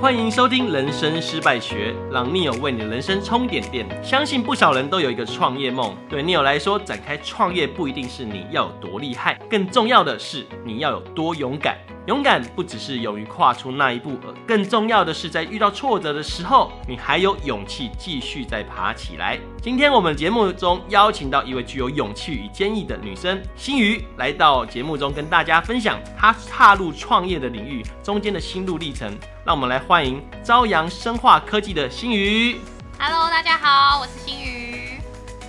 歡迎收聽《人生失敗學》，讓 NEO 為你的人生充點電。相信不少人都有一個創業夢，對 NEO 來說，展開創業不一定是你要有多厲害，更重要的是你要有多勇敢。勇敢不只是勇於跨出那一步，而更重要的是，在遇到挫折的時候，你還有勇氣繼續再爬起來。今天我們節目中邀請到一位具有勇氣與堅毅的女生新瑜，來到節目中跟大家分享她踏入創業的領域中間的心路歷程。讓我們來歡迎朝陽生化科技的新瑜。Hello，大家好，我是新瑜。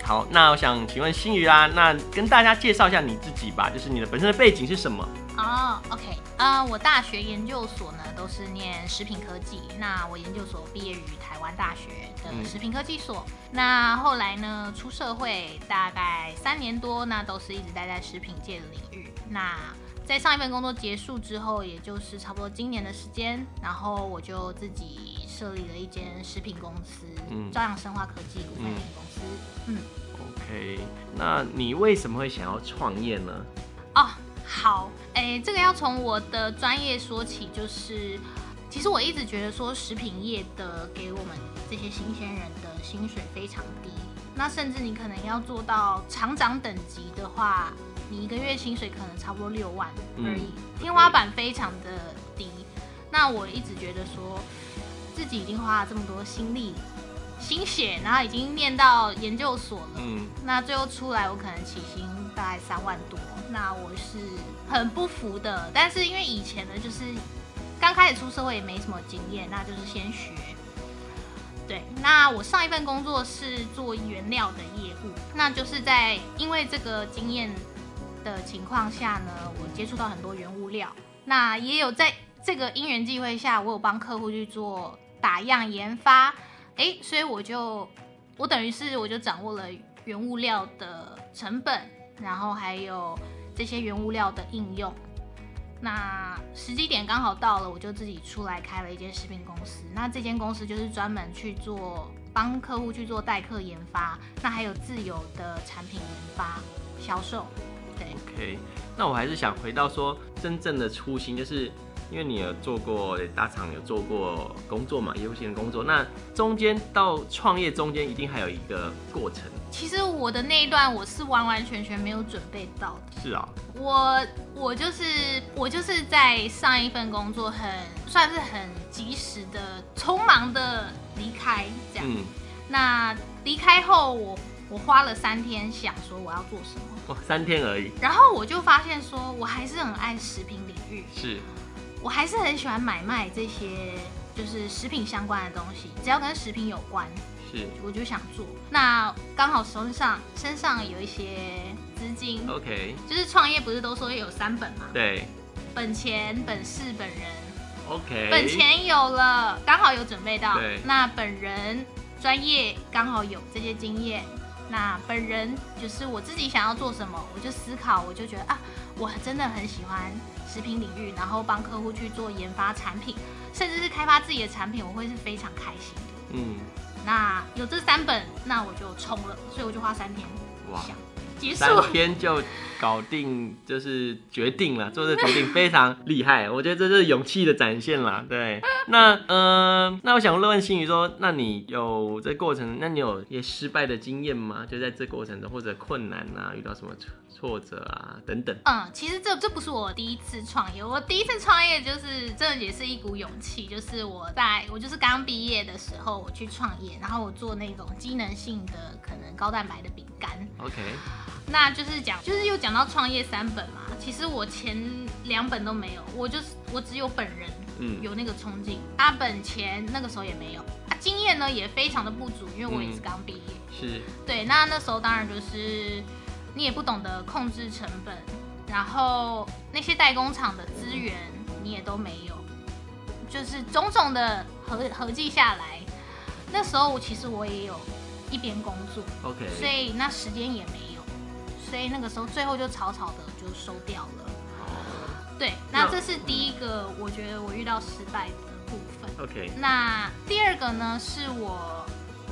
好，那我想請問 Yulin 啊，那跟大家介紹一下你自己吧，就是你的本身的背景是什麼？哦、oh,，OK，啊、uh,，我大學研究所呢都是念食品科技，那我研究所畢業於台灣大學的食品科技所，嗯、那後來呢，出社會大概三年多，那都是一直待在食品界的領域。那在上一份工作結束之後，也就是差不多今年的時間，然後我就自己。設立了一間食品公司，嗯，朝陽生化科技股份有限公司，嗯,嗯，OK，那你為什麼會想要創業呢？哦、oh,，好，誒、欸，這個要從我的專業說起，就是其實我一直覺得說食品業的給我們這些新鮮人的薪水非常低，那甚至你可能要做到廠長等級的話，你一個月薪水可能差不多六萬而已，嗯 okay. 天花板非常的低。那我一直覺得說。自己已經花了這麼多心力、心血，然後已經念到研究所了。嗯、那最後出來，我可能起薪大概三萬多，那我是很不服的。但是因為以前呢，就是剛開始出社會也沒什麼經驗，那就是先學。對，那我上一份工作是做原料的業務，那就是在因為這個經驗的情況下呢，我接觸到很多原物料。那也有在這個因緣際會下，我有幫客戶去做。打樣研發，誒，所以我就我等於是我就掌握了原物料的成本，然後還有這些原物料的應用。那時機點剛好到了，我就自己出來開了一間食品公司。那這間公司就是專門去做幫客戶去做代客研發，那還有自有的產品研發、銷售。對。OK，那我還是想回到說真正的初心就是。因為你有做過大廠，廠有做過工作嘛，優先的工作。那中間到創業中間，一定還有一個過程。其實我的那一段，我是完完全全沒有準備到的。是啊，我我就是我就是在上一份工作很，很算是很及時的、匆忙的離開這樣。嗯。那離開後我，我我花了三天想說我要做什麼，三天而已。然後我就發現說，我還是很愛食品領域。是。我還是很喜歡買賣這些，就是食品相關的東西，只要跟食品有關，是，我就想做。那剛好手上身上有一些資金，OK，就是創業不是都說有三本嘛？對，本錢、本事、本人，OK，本錢有了，剛好有準備到，那本人專業剛好有這些經驗，那本人就是我自己想要做什麼，我就思考，我就覺得啊，我真的很喜歡。食品領域，然後幫客戶去做研發產品，甚至是開發自己的產品，我會是非常開心的。嗯，那有這三本，那我就衝了，所以我就花三天。哇，結束。三天就搞定，就是決定了 做這個決定非常厲害，我覺得這是勇氣的展現啦。對， 那嗯、呃，那我想問問 Yulin 說，那你有這過程？那你有也失敗的經驗嗎？就在這過程中或者困難啊，遇到什麼？挫折啊，等等。嗯，其實這這不是我第一次創業，我第一次創業就是真的也是一股勇氣，就是我在我就是剛畢業的時候，我去創業，然後我做那種機能性的可能高蛋白的餅乾。OK，那就是講，就是又講到創業三本嘛，其實我前兩本都沒有，我就是我只有本人嗯有那個衝勁，啊本錢那個時候也沒有，啊經驗呢也非常的不足，因為我也是剛畢業、嗯。是，對，那那時候當然就是。你也不懂得控制成本，然後那些代工廠的資源你也都沒有，就是種種的合合計下來，那時候我其實我也有一邊工作，OK，所以那時間也沒有，所以那個時候最後就草草的就收掉了。Oh. 對，那這是第一個，我覺得我遇到失敗的部分。OK，那第二個呢，是我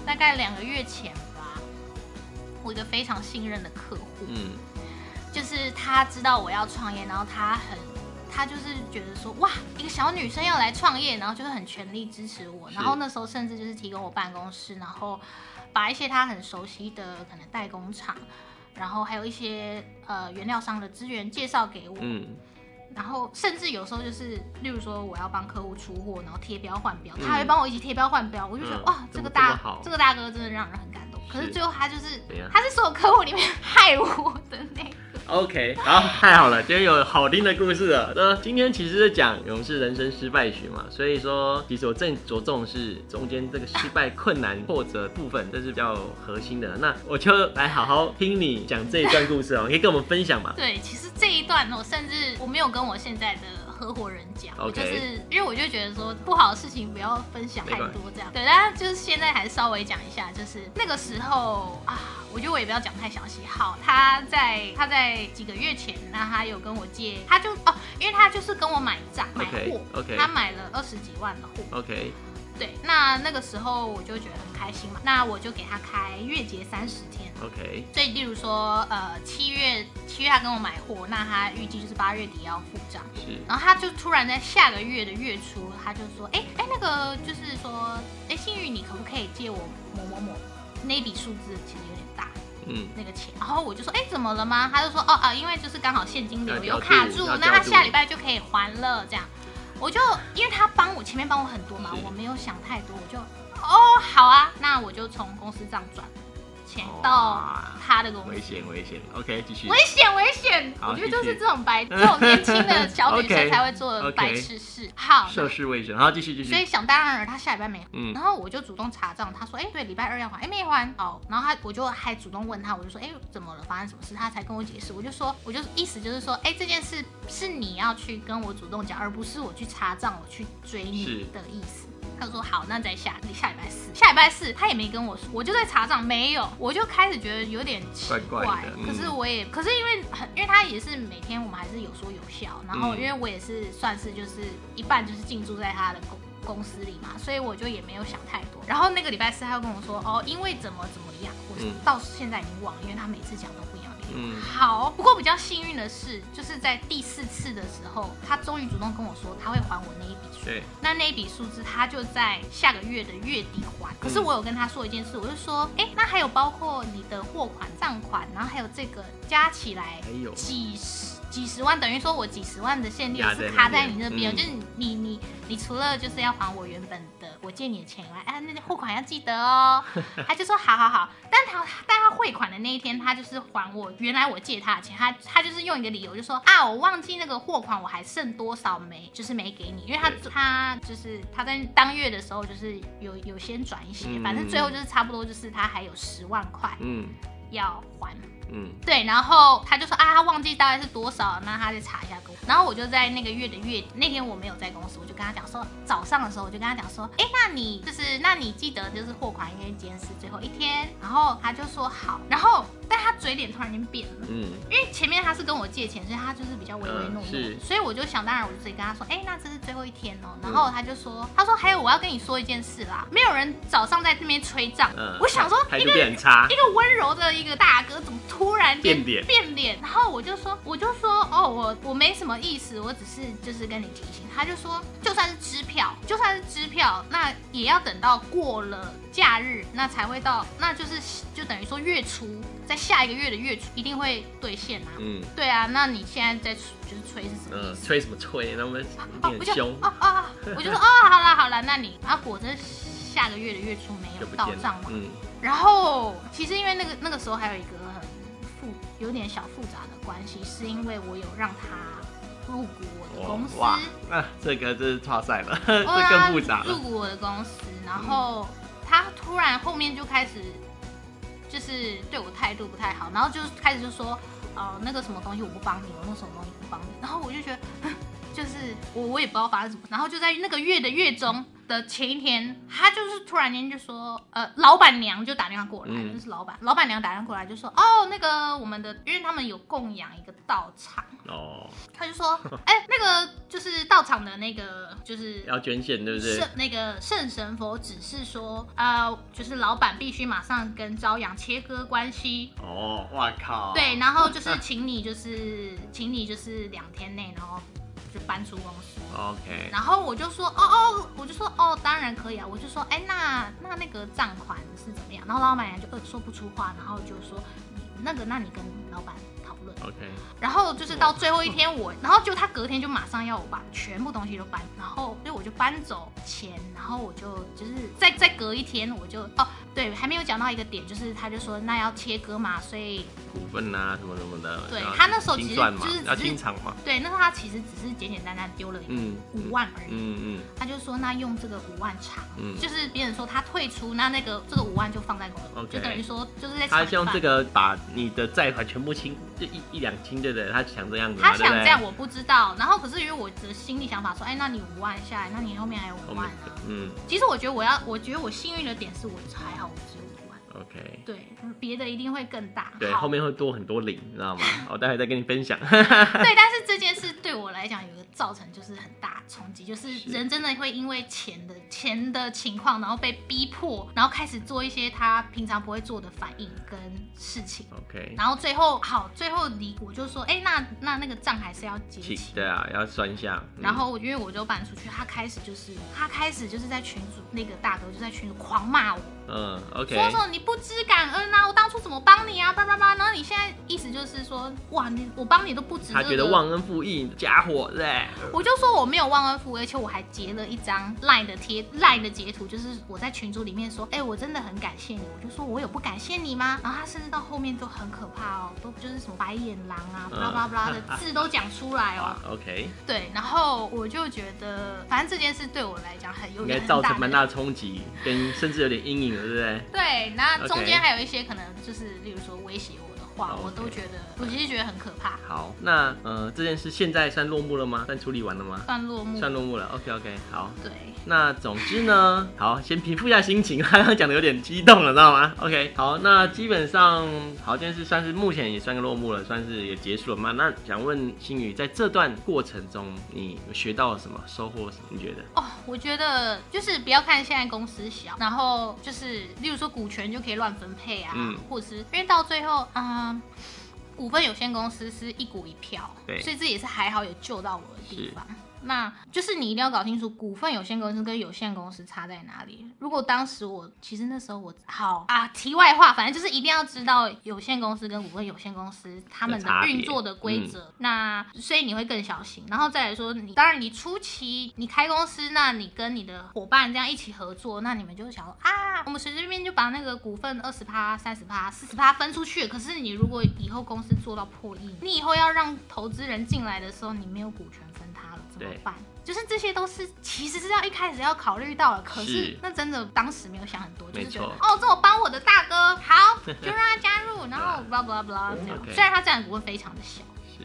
大概兩個月前。我一個非常信任的客戶，嗯，就是他知道我要創業，然後他很，他就是覺得說，哇，一個小女生要來創業，然後就是很全力支持我，然後那時候甚至就是提供我辦公室，然後把一些他很熟悉的可能代工廠，然後還有一些呃原料商的資源介紹給我，嗯，然後甚至有時候就是例如說我要幫客戶出貨，然後貼標換標，嗯、他還會幫我一起貼標換標，我就覺得、嗯、哇，這個大，怎麼這麼好？這個大哥真的讓人很感是可是最後他就是，啊、他是所有客戶裡面害我的那個。OK，好，太好了，今天有好聽的故事了。那今天其實是講我們是人生失敗學嘛，所以說其實我正着重是中間這個失敗、困難或者部分，這是比較核心的。那我就來好好聽你講這一段故事哦，你可以跟我們分享嘛？對，其實這一段我甚至我沒有跟我現在的。合夥人講，okay. 就是因為我就覺得說不好的事情不要分享太多這樣，對，大家就是現在還是稍微講一下，就是那個時候啊，我覺得我也不要講太詳細。好，他在他在幾個月前，那他有跟我借，他就哦，因為他就是跟我買賬、okay, 買貨，okay. 他買了二十幾萬的貨。Okay. 對，那那個時候我就覺得很開心嘛，那我就給他開月結三十天。OK。所以例如說，呃，七月七月他跟我買貨，那他預計就是八月底要付賬。是。然後他就突然在下個月的月初，他就說，哎哎，那個就是說，哎，Yulin 你可不可以借我某某某？那筆數字其實有點大。嗯。那個錢，然後我就說，哎，怎麼了嗎？他就說，哦啊、呃，因為就是剛好現金流有卡住，住，那他下禮拜就可以還了，這樣。我就因為他幫我前面幫我很多嘛，嗯，我沒有想太多，我就哦好啊，那我就從公司這樣轉。到他的東西。危險危險。OK，繼續。危險危險，我覺得就是這種白，這種年輕的小女生才會做的 okay, 白痴事。好，涉世未深，然後繼續繼續。所以想當然了，他下禮拜沒還。嗯。然後我就主動查賬，他說：“哎、欸，對，禮拜二要還，哎、欸，沒還。”好，然後他我就還主動問他，我就說：“哎、欸，怎麼了？發生什麼事？”他才跟我解釋。我就說，我就意思就是說，哎、欸，這件事是你要去跟我主動講，而不是我去查賬，我去追你的意思。他說好，那再下，你下禮拜四，下禮拜四，他也沒跟我說，我就在查賬，沒有，我就開始覺得有點奇怪、怪、怪的，嗯。可是我也，可是因為很，因為他也是每天我們還是有說有笑，然後因為我也是算是就是一半就是進駐在他的公公司裡嘛，所以我就也沒有想太多。然後那個禮拜四他又跟我說哦，因為怎麼怎麼樣，我到現在已經忘了，因為他每次講都不一樣。嗯，好。不過比較幸運的是，就是在第四次的時候，他終於主動跟我說他會還我那一筆數。對，那那一筆數字，他就在下個月的月底還。可是我有跟他說一件事，我就說，哎、欸，那還有包括你的貨款賬款，然後還有這個加起來，有幾十。幾十萬等於說，我幾十萬的限利是卡在你那邊，啊，嗯，就是你你你除了就是要還我原本的我借你的錢以外，哎，那些貨款要記得哦。他就說好好好，但他但他匯款的那一天，他就是還我原來我借他的錢，他他就是用一個理由就說啊，我忘記那個貨款我還剩多少沒，就是沒給你，因為他他就是他在當月的時候就是有有先轉一些，反正最後就是差不多就是他還有十萬塊，嗯。嗯要還，嗯，對，然後他就說啊，他忘記大概是多少，那他再查一下給我。然後我就在那個月的月底那天我沒有在公司，我就跟他講說，早上的時候我就跟他講說，哎、欸，那你就是那你記得就是貨款應該今天是最後一天。然後他就說好，然後但他嘴臉突然間變了，嗯，因為前面他是跟我借錢，所以他就是比較唯唯諾諾，所以我就想當然，我就直接跟他說，哎、欸，那這是最後一天哦、喔。然後他就說，嗯、他說還有我要跟你說一件事啦，沒有人早上在這邊催賬。嗯，我想說一，一個一個溫柔的。一個大哥怎麼突然變臉？變臉，然後我就說，我就說，哦，我我沒什麼意思，我只是就是跟你提醒。他就說，就算是支票，就算是支票，那也要等到過了假日，那才會到，那就是就等於說月初，在下一個月的月初一定會兌現、啊、嗯，對啊，那你現在在就是催是什麼？催、呃、什麼催？那、啊、我們有點兇。哦、啊、哦、啊，我就說，哦、啊，好了好了，那你啊，果真。下個月的月初沒有到賬嘛。嗯，然後其實因為那個那個時候還有一個很複有點小複雜的關係，是因為我有讓他入股我的公司。哇，那、啊、這個就是挫賽了， 這更複雜了，入股我的公司，嗯、然後他突然後面就開始就是對我態度不太好，然後就開始就說、呃、那個什麼東西我不幫你，我那個什麼東西不幫你，然後我就覺得就是我我也不知道發生什麼，然後就在那個月的月中。的前一天，他就是突然間就說，呃，老闆娘就打電話過來，嗯、就是老闆，老闆娘打電話過來就說，哦，那個我們的，因為他們有供養一個道場哦，他就說，哎、欸，那個就是道場的那個，就是要捐獻，對不對？聖那個聖神佛指示說，呃，就是老闆必須馬上跟朝陽切割關係。哦，哇靠。對，然後就是請你，就是 請你，就是兩天內，然後。搬出公司，OK，然後我就說，哦哦，我就說，哦，當然可以啊，我就說，哎、欸，那那那個賬款是怎麼樣？然後老闆娘就呃，說不出話，然後就說，那個，那你跟老闆。OK，然後就是到最後一天我，oh. Oh. 然後就他隔天就馬上要我把全部東西都搬，然後所以我就搬走錢，然後我就就是再再隔一天我就哦、oh, 對，還沒有講到一個點，就是他就說那要切割嘛，所以股份啊什麼什麼的，對他那時候其實就是,是要清場嘛，對，那時候他其實只是簡簡單單丟了五萬而已，嗯嗯,嗯,嗯,嗯，他就說那用這個五萬長嗯，就是別人說他退出，那那個這個五萬就放在公司，okay. 就等於說就是在他用這個把你的債款全部清就。一兩千的，對的，他想這樣子。他想這樣，我不知道。然後，可是因為我的心裡想法說，哎，那你五萬下來，那你後面還有五萬呢、啊。嗯。其實我覺得，我要，我覺得我幸運的點是，我還好，只有五萬。OK。對，別的一定會更大。對，後面會多很多零，你知道嗎？我待會再跟你分享。 對，但是這件事。我來講有個造成就是很大衝擊，就是人真的會因為錢的錢的情況，然後被逼迫，然後開始做一些他平常不會做的反應跟事情。OK，然後最後好，最後你我就說，哎、欸，那那那個賬還是要結清，對啊，要算一下、嗯。然後因為我就搬出去，他開始就是他開始就是在群組那個大哥就在群組狂罵我。嗯，OK，說說你不知感恩吶、啊？我當初怎麼幫你啊？叭巴叭，然後你現在意思就是說，哇，你我幫你都不值。他覺得忘恩負義傢伙嘞。我就說我沒有忘恩負義，而且我還截了一張 LINE 的貼 LINE 的截圖，就是我在群組裡面說，哎、欸，我真的很感謝你。我就說我有不感謝你嗎？然後他甚至到後面都很可怕哦，都就是什麼白眼狼啊，巴拉巴拉的字都講出來哦。啊啊、對 OK，對，然後我就覺得，反正這件事對我來講很有應該造成蠻大衝擊，跟甚至有點陰影。 對不對？對，然後中間還有一些可能就是，例如說威脅我。哇，我都覺得，oh, okay. 我其實覺得很可怕。好，那呃，這件事現在算落幕了嗎？算處理完了嗎？算落幕，算落幕了。OK OK，好。對。那總之呢， 好，先平復一下心情，剛剛講的有點激動了，知道嗎？OK，好，那基本上，好，這件事算是目前也算個落幕了，算是也結束了嘛。那想問新宇，在這段過程中，你有學到了什麼收穫？什麼？你覺得？哦、oh,，我覺得就是不要看現在公司小，然後就是例如說股權就可以亂分配啊，嗯，或者是因為到最後啊。呃股份有限公司是一股一票，對，所以這也是還好有救到我的地方。那就是你一定要搞清楚股份有限公司跟有限公司差在哪裡。如果當時我其實那時候我好啊，題外話，反正就是一定要知道有限公司跟股份有限公司他們的運作的規則。那所以你會更小心。然後再來說你，當然你初期你開公司，那你跟你的夥伴這樣一起合作，那你們就想說啊，我們隨隨便便，便便就把那個股份二十趴、三十趴、四十趴分出去。可是你如果以後公司做到破億，你以後要讓投資人進來的時候，你沒有股權。怎麼辦？就是這些都是其實是要一開始要考慮到了，可是那真的當時沒有想很多，是就是覺得哦，這我幫我的大哥好，就讓他加入，然後 blah blah blah 這樣。Okay. 雖然他占的股份非常的小，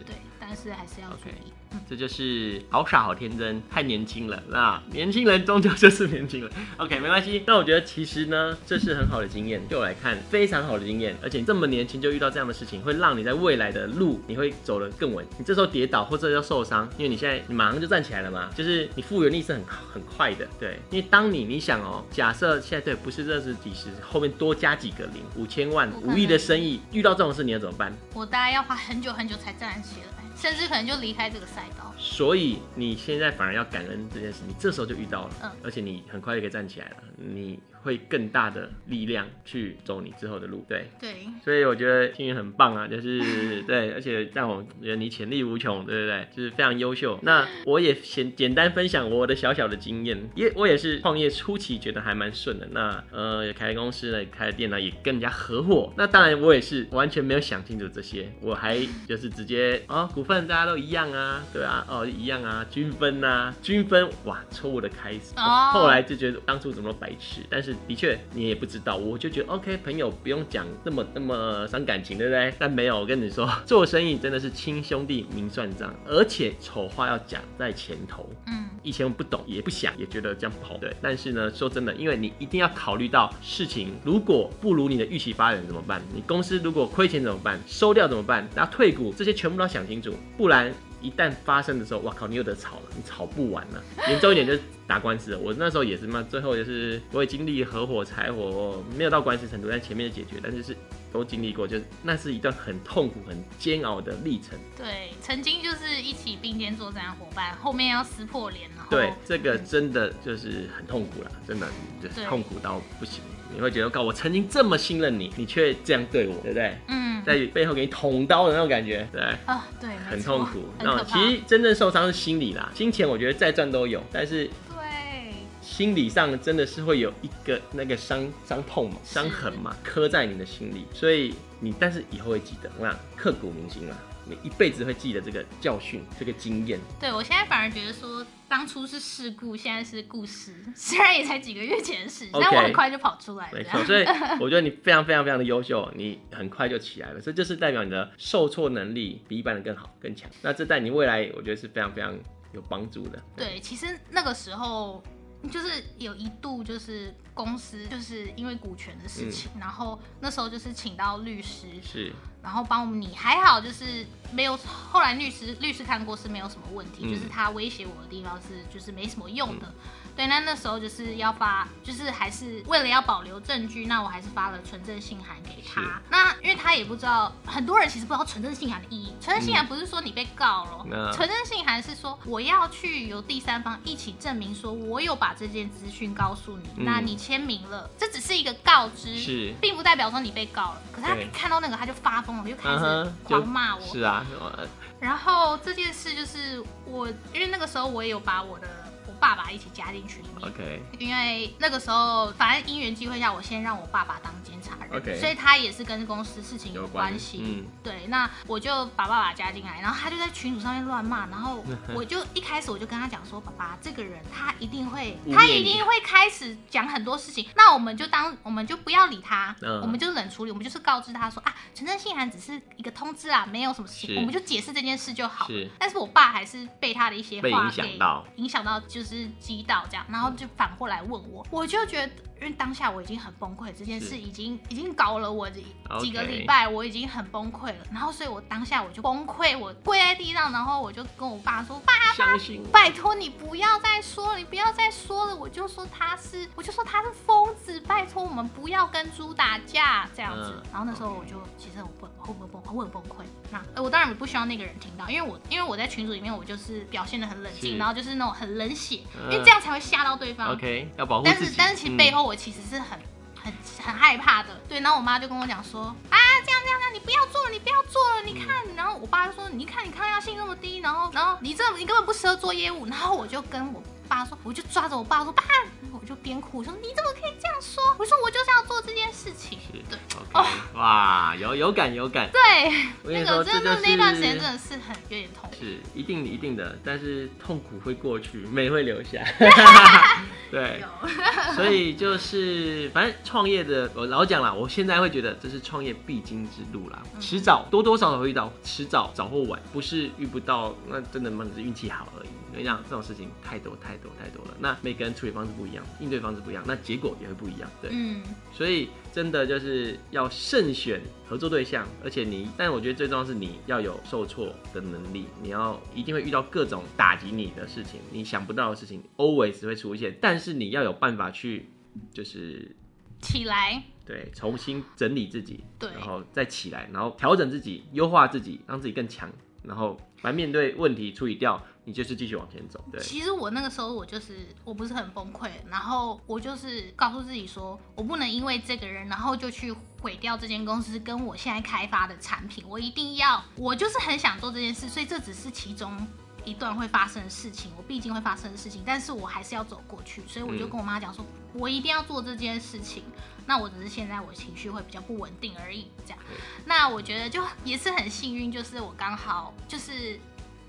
對，但是還是要注意。Okay. 這就是好傻好天真，太年輕了。那年輕人終究就是年輕了。OK 沒關係。但我覺得其實呢，這是很好的經驗，對 我來看非常好的經驗。而且你這麼年輕就遇到這樣的事情，會讓你在未來的路你會走得更穩。你這時候跌倒或者要受傷，因為你現在你馬上就站起來了嘛，就是你復原力是很很快的。對，因為當你你想哦，假設現在對不是這是幾十，後面多加幾個零，五千萬、五億的生意，遇到這種事你要怎麼辦？我大概要花很久很久才站起來。甚至可能就離開這個賽道，所以你現在反而要感恩這件事，你這時候就遇到了，嗯，而且你很快就可以站起來了，你會更大的力量去走你之後的路，對對，所以我覺得青雲很棒啊，就是對，而且讓我覺得你潛力無窮，對對對，就是非常優秀。那我也先簡單分享我的小小的經驗，也，我也是創業初期覺得還蠻順的。那呃，開公司呢，開店呢，也跟人家合夥。那當然我也是完全沒有想清楚這些，我還就是直接啊、哦，股份大家都一樣啊，對啊，哦一樣啊，均分吶、啊，均分，哇，抽我的開始、哦。後來就覺得當初怎麼都白痴，但是。的確，你也不知道，我就覺得 OK，朋友不用講那麼那麼傷感情，對不對？但沒有，我跟你說，做生意真的是親兄弟明算賬，而且醜話要講在前頭。嗯，以前我不懂，也不想，也覺得這樣不好。對，但是呢，說真的，因為你一定要考慮到事情，如果不如你的預期發展怎麼辦？你公司如果虧錢怎麼辦？收掉怎麼辦？然後退股，這些全部都要想清楚，不然。一旦發生的時候，哇靠！你又得吵了，你吵不完了啊。嚴重一點就是打官司了，我那時候也是嘛，最後就是我也經歷合夥拆夥，沒有到官司程度，但前面就解決，但是是都經歷過，就那是一段很痛苦、很煎熬的歷程。對，曾經就是一起並肩作戰的伙伴，後面要撕破臉了。對，這個真的就是很痛苦了，真的就是痛苦到不行。你會覺得，靠，我曾經這麼信任你，你卻這樣對我，對不對？嗯，在背後給你捅刀的那種感覺，對不對啊，對，很痛苦。然後其實真正受傷是心理啦，金錢我覺得再賺都有，但是對，心理上真的是會有一個那個傷傷痛傷嘛，傷痕嘛，刻在你的心裡。所以你，但是以後會記得，那刻骨銘心啊，你一輩子會記得這個教訓，這個經驗。對我現在反而覺得說。當初是事故，現在是故事，雖然也才幾個月前的事，okay, 但我很快就跑出來了。所、okay, 以、so, 我覺得你非常非常非常的優秀，你很快就起來了，這就是代表你的受挫能力比一般人更好更強。那這在你未來，我覺得是非常非常有幫助的。對。對，其實那個時候就是有一度就是，公司就是因為股權的事情、嗯，然後那時候就是請到律師，是，然後幫我們。你還好，就是沒有。後來律師律師看過是沒有什麼問題、嗯，就是他威脅我的地方是就是沒什麼用的、嗯。對，那那時候就是要發，就是還是為了要保留證據，那我還是發了存證信函給他。那因為他也不知道，很多人其實不知道存證信函的意義。存證信函不是說你被告了、嗯，存證信函是說我要去由第三方一起證明說我有把這件資訊告訴你，嗯、那你。簽名了，這只是一個告知，是。並不代表說你被告了。可是他可看到那個，他就發瘋了，就開始狂罵我。是啊。是啊，然後這件事就是我，因為那個時候我也有把我的。.爸爸一起加進群裡面，okay. 因為那個時候反正因緣際會下，我先讓我爸爸當監察人，okay. 所以他也是跟公司事情有關係，嗯。對，那我就把爸爸加進來，然後他就在群組上面亂罵，然後我就 一開始我就跟他講說，爸爸這個人他一定會，他一定會開始講很多事情，那我們就當我們就不要理他，嗯，我們就冷處理，我們就是告知他說啊，存證信函只是一個通知啊，沒有什麼事情，我們就解釋這件事就好。但是我爸還是被他的一些話給影響到，到就是。是擊倒這樣，然後就反過來問我，我就覺得，因為當下我已經很崩潰，這件事已經已經搞了我幾幾個禮拜，okay. 我已經很崩潰了。然後，所以我當下我就崩潰，我跪在地上，然後我就跟我爸說：“爸爸，拜託你不要再說了，你不要再說了。”我就說他是，我就說他是瘋子。拜託，我們不要跟豬打架這樣子。Uh, okay. 然後那時候我就其實我崩，會崩，我很崩潰。那我當然不希望那個人聽到，因為我因為我在群組裡面，我就是表現的很冷靜，然後就是那種很冷血。因為這樣才會嚇到對方，OK，要保護自己。但是但是其實背後我其實是很、嗯、很很害怕的。對，然後我媽就跟我講說啊，這樣這樣這樣，你不要做了，你不要做了，你看。嗯、然後我爸就說，你看你看抗壓性這麼低，然後然後你這你根本不適合做業務。然後我就跟我。爸說，我就抓着我爸說，爸，我就邊哭說，你怎麼可以這樣說？我說，我就是要做這件事情。是對 okay,、哦，哇，有有感有感。對、就是，那個真的那段時間真的是很有點痛苦。是，一定一定的，但是痛苦會過去，美會留下。 對，有 所以就是，反正創業的，我老講啦，我現在會覺得這是創業必經之路啦，遲、嗯、早多多少少會遇到，遲早早或晚，不是遇不到，那真的嘛，只是運氣好而已。你想這，這種事情太多太多多太多了。那每個人處理方式不一樣，應對方式不一樣，那結果也會不一樣。對，嗯，所以真的就是要慎選合作對象，而且你，但我覺得最重要的是你要有受挫的能力。你要一定會遇到各種打擊你的事情，你想不到的事情，always 會出現。但是你要有辦法去，就是起來，對，重新整理自己，對，然後再起來，然後調整自己，優化自己，讓自己更強，然後來面對問題，處理掉。你就是繼續往前走。對，其實我那個時候我就是我不是很崩潰，然後我就是告訴自己說，我不能因為這個人，然後就去毀掉這間公司跟我現在開發的產品。我一定要，我就是很想做這件事，所以這只是其中一段會發生的事情，我畢竟會發生的事情，但是我還是要走過去。所以我就跟我媽講說、嗯，我一定要做這件事情。那我只是現在我情緒會比較不穩定而已。這樣、嗯，那我覺得就也是很幸運，就是我剛好就是。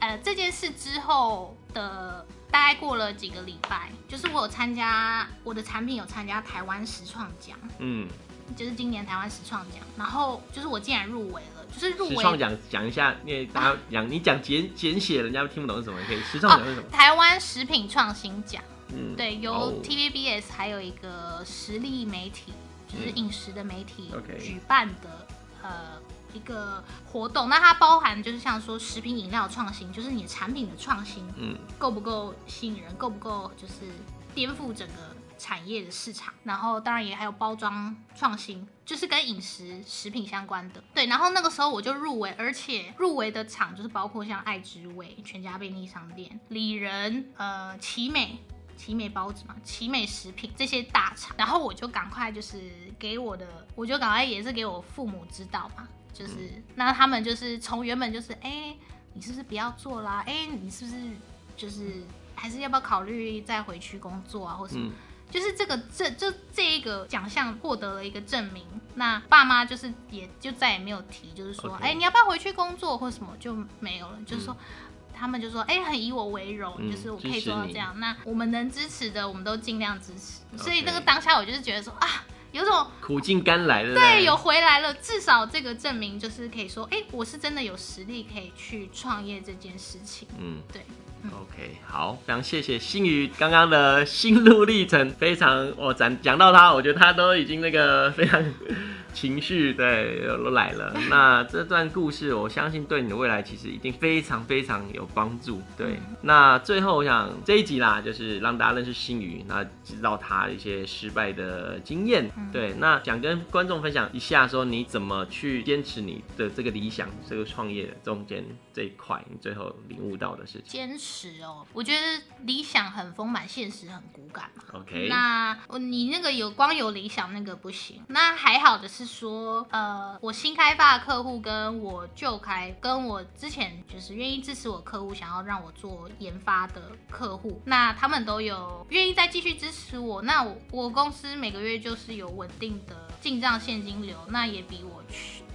呃，這件事之後的，大概過了幾個禮拜，就是我有參加我的產品有參加台灣食創獎，嗯，就是今年台灣食創獎，然後就是我竟然入圍了，就是入圍食創獎講，講一下，因為大家講、啊、你講簡，簡寫，人家聽不懂是什麼？可、okay? 以食創獎是什麼、啊？台灣食品創新獎，嗯，對，由 TVBS 還有一個食力媒體，嗯、就是飲食的媒體舉辦的，嗯 okay、呃。一個活動，那它包含就是像說食品飲料創新，就是你的產品的創新，嗯，夠不夠吸引人，夠不夠就是顛覆整個產業的市場，然後當然也還有包裝創新，就是跟飲食食品相關的。對，然後那個時候我就入圍，而且入圍的廠就是包括像愛之味、全家便利商店、里仁、呃，奇美、奇美包子嘛，奇美食品這些大廠，然後我就趕快就是給我的，我就趕快也是給我父母知道嘛。就是、嗯、那他們就是從原本就是哎、欸，你是不是不要做啦、啊？哎、欸，你是不是就是還是要不要考慮再回去工作啊？或什麼？嗯、就是這個這就這一個獎項獲得了一個證明，那爸媽就是也就再也沒有提，就是說哎、Okay. 欸，你要不要回去工作或什麼就沒有了。嗯、就是說他們就說哎、欸，很以我為榮、嗯，就是我可以做到這樣、就是。那我們能支持的，我們都盡量支持。Okay. 所以那個當下，我就是覺得說啊。有種苦盡甘來的，對，有回來了，至少這個證明就是可以說，哎、欸，我是真的有實力可以去創業這件事情。嗯，對，嗯，OK，好，非常謝謝新宇剛剛的心路歷程，非常，我講講到他，我覺得他都已經那個非常。情緒對都來了，那這段故事我相信對你的未來其實已經非常非常有幫助。對，那最後我想這一集啦，就是讓大家認識 Yulin，那知道他一些失敗的經驗。對，那想跟觀眾分享一下，說你怎麼去堅持你的這個理想，這個創業中間這一塊，你最後領悟到的事情。堅持哦，我覺得理想很豐滿，現實很骨感嘛。OK，那你那個有光有理想那個不行，那還好的是。就是說呃，我新開發的客戶跟我就開跟我之前就是願意支持我客戶想要讓我做研發的客戶，那他們都有願意再繼續支持我。那我，我公司每個月就是有穩定的進賬現金流，那也比我。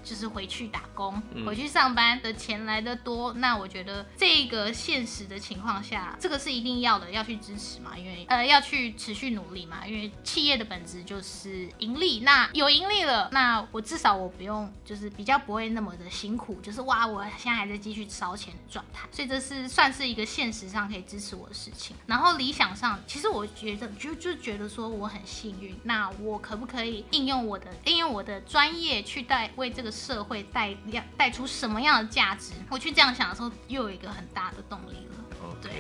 就是回去打工，回去上班的錢來得多，那我覺得這個現實的情況下，這個是一定要的，要去支持嘛，因為呃要去持續努力嘛，因為企業的本質就是盈利。那有盈利了，那我至少我不用就是比較不會那麼的辛苦，就是哇我現在還在繼續燒錢的狀態，所以這是算是一個現實上可以支持我的事情。然後理想上，其實我覺得就就覺得說我很幸運，那我可不可以應用我的應用我的專業去帶為這個社會帶帶出什麼樣的價值？我去這樣想的時候，又有一個很大的動力了。Okay, 對，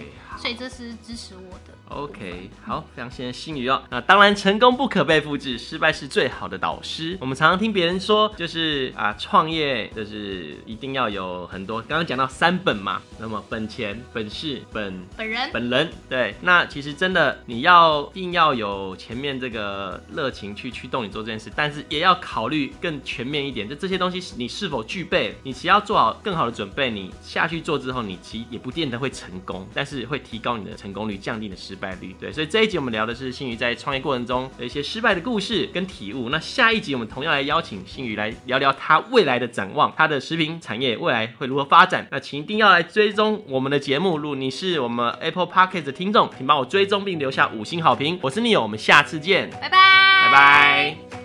所以這是支持我的。OK，好，非常謝謝新宇哦。那當然，成功不可被複製，失敗是最好的導師。我們常常聽別人說，就是啊，創業就是一定要有很多。剛剛講到三本嘛，那麼本錢、本事、本本人、本人。對，那其實真的你要一定要有前面這個熱情去驅動你做這件事，但是也要考慮更全面一點，就這些東西你是否具備？你只要做好更好的準備，你下去做之後，你其實也不見得會成。但是會提高你的成功率，降低你的失敗率。對，所以這一集我們聊的是新宇在創業過程中的一些失敗的故事跟體悟。那下一集我們同樣來邀請新宇來聊聊他未來的展望，他的食品產業未來會如何發展？那請一定要來追蹤我們的節目，如果你是我們 Apple Podcast 的聽眾，請幫我追蹤並留下五星好評。我是 NEO，我們下次見，拜拜，拜拜。